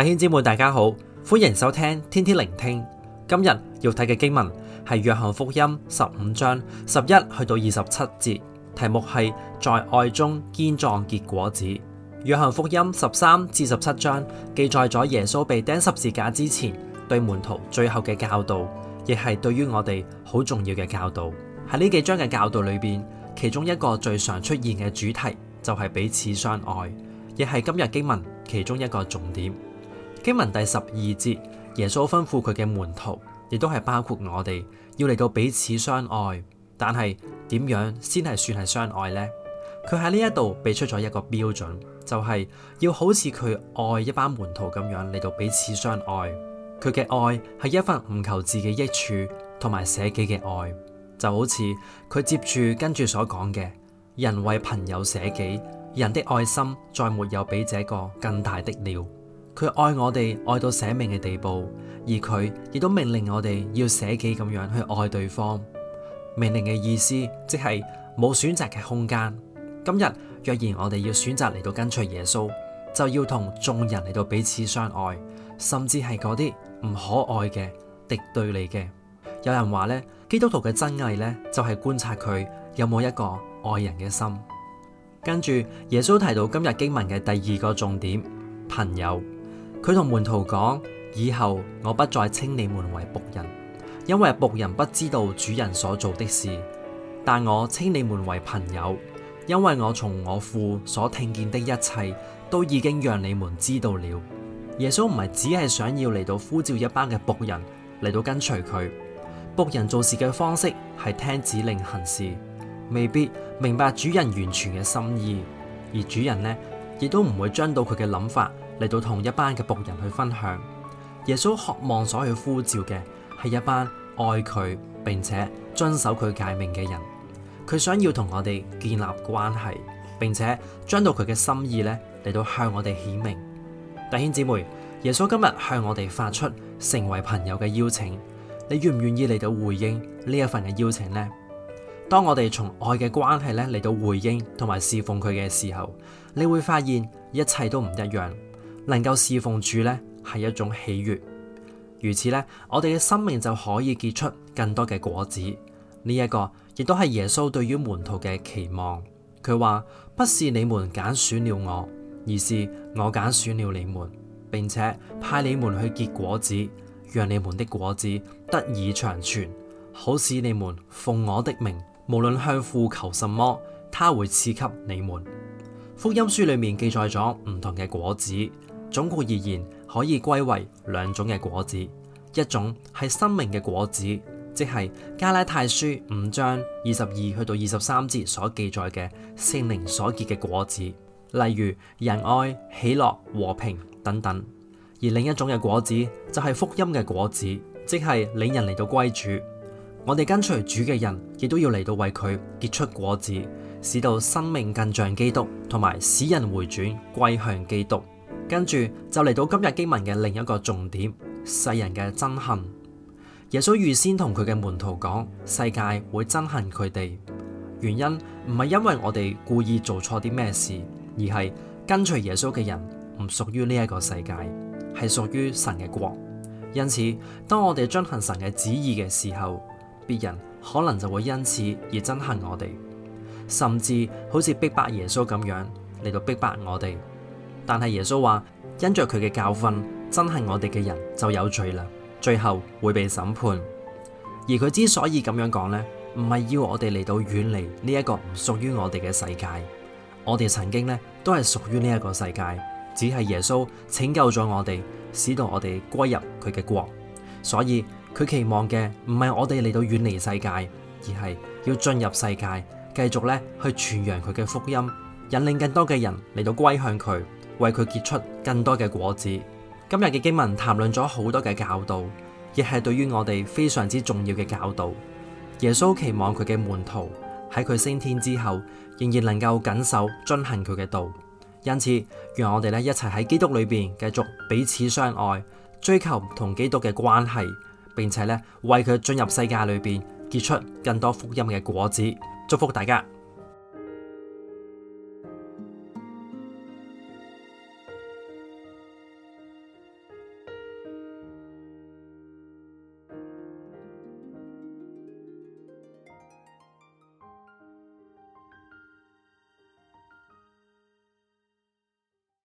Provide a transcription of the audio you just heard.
弟兄姊妹，大家好，歡迎收聽天天靈聽。今日要睇嘅經文係約翰福音十五章十一去到二十七節，題目係在愛中堅壯結果子。約翰福音十三至十七章記載咗耶穌被釘十字架之前對門徒最後嘅教導，亦係對於我哋好重要嘅教導。喺呢幾章嘅教導裏邊，其中一個最常出現嘅主題就係彼此相愛，亦係今日經文其中一個重點。經文第十二節，耶穌吩咐佢嘅門徒，亦都係包括我哋，要嚟到彼此相愛。但係點樣先係算係相愛呢？佢喺呢一度俾出咗一個標準，就係、是、要好似佢愛一班門徒咁樣嚟到彼此相愛。佢嘅愛係一份唔求自己益處同埋捨己嘅愛，就好似佢接住跟住所講嘅，人為朋友捨己，人的愛心再沒有比這個更大的了。佢愛我哋愛到捨命嘅地步，而佢亦都命令我哋要捨己咁樣去愛對方。命令嘅意思即係冇選擇嘅空間。今日若然我哋要選擇嚟到跟隨耶穌，就要同眾人嚟到彼此相愛，甚至係嗰啲唔可愛嘅敵對你嘅。有人話呢，基督徒嘅真偽呢，就係觀察佢有冇一個愛人嘅心。跟住耶穌提到今日經文嘅第二個重點，朋友。佢同門徒講：以後我不再稱你們為僕人，因為僕人不知道主人所做的事；但我稱你們為朋友，因為我從我父所聽見的一切，都已經讓你們知道了。耶穌唔係只係想要嚟到呼召一班嘅僕人嚟到跟隨佢，僕人做事嘅方式係聽指令行事，未必明白主人完全嘅心意，而主人呢，亦都唔會將到佢嘅諗法。嚟到同一班嘅僕人去分享，耶穌渴望所去呼召嘅係一班愛佢並且遵守佢誡命嘅人。佢想要同我哋建立關係，並且將到佢嘅心意咧嚟到向我哋顯明。弟兄姊妹，耶穌今日向我哋發出成為朋友嘅邀請，你願唔願意嚟到回應呢一份嘅邀請呢？當我哋從愛嘅關係咧嚟到回應同埋侍奉佢嘅時候，你會發現一切都唔一樣。能夠侍奉主呢，係一種喜悅。如此呢，我哋嘅生命就可以結出更多嘅果子。呢、這、一個亦都係耶穌對於門徒嘅期望。佢話：不是你們揀選，選了我,而是我揀選，選了你們，並且派你們去結果子，讓你們的果子得以長存，好使你們奉我的名，無論向父求什麼，他會賜給你們。福音書裏面記載咗唔同嘅果子。總括而言，可以歸為兩種嘅果子，一種係生命嘅果子，即係加拉太書五章二十二去到二十三節所記載嘅聖靈所結嘅果子，例如仁愛、喜樂、和平等等。而另一種嘅果子就係福音嘅果子，即係領人嚟到歸主。我哋跟隨主嘅人，亦都要嚟到為佢結出果子，使到生命更像基督，同埋使人回轉歸向基督。跟住就嚟到今日經文嘅另一個重點，世人嘅憎恨。耶穌預先同佢嘅門徒講，世界會憎恨佢哋，原因唔係因為我哋故意做錯啲咩事，而係跟隨耶穌嘅人唔屬於呢一個世界，係屬於神嘅國。因此，當我哋遵行神嘅旨意嘅時候，別人可能就會因此而憎恨我哋，甚至好似逼迫耶穌咁樣嚟到逼迫我哋。但係耶穌話，因着佢嘅教訓，憎恨我哋嘅人就有罪啦，最後會被審判。而佢之所以咁樣講呢，唔係要我哋嚟到遠離呢一個唔屬於我哋嘅世界，我哋曾經呢都係屬於呢一個世界，只係耶穌拯救咗我哋，使到我哋歸入佢嘅國。所以佢期望嘅唔係我哋嚟到遠離世界，而係要進入世界，繼續呢去傳揚佢嘅福音，引領更多嘅人嚟到歸向佢。為佢結出更多嘅果子。今日嘅經文談論咗好多嘅教導，亦係對於我哋非常之重要嘅教導。耶穌期望佢嘅門徒喺佢升天之後，仍然能夠謹守遵行佢嘅道。因此，讓我哋咧一齊喺基督裏邊繼續彼此相愛，追求同基督嘅關係，並且咧為佢進入世界裏邊結出更多福音嘅果子。祝福大家。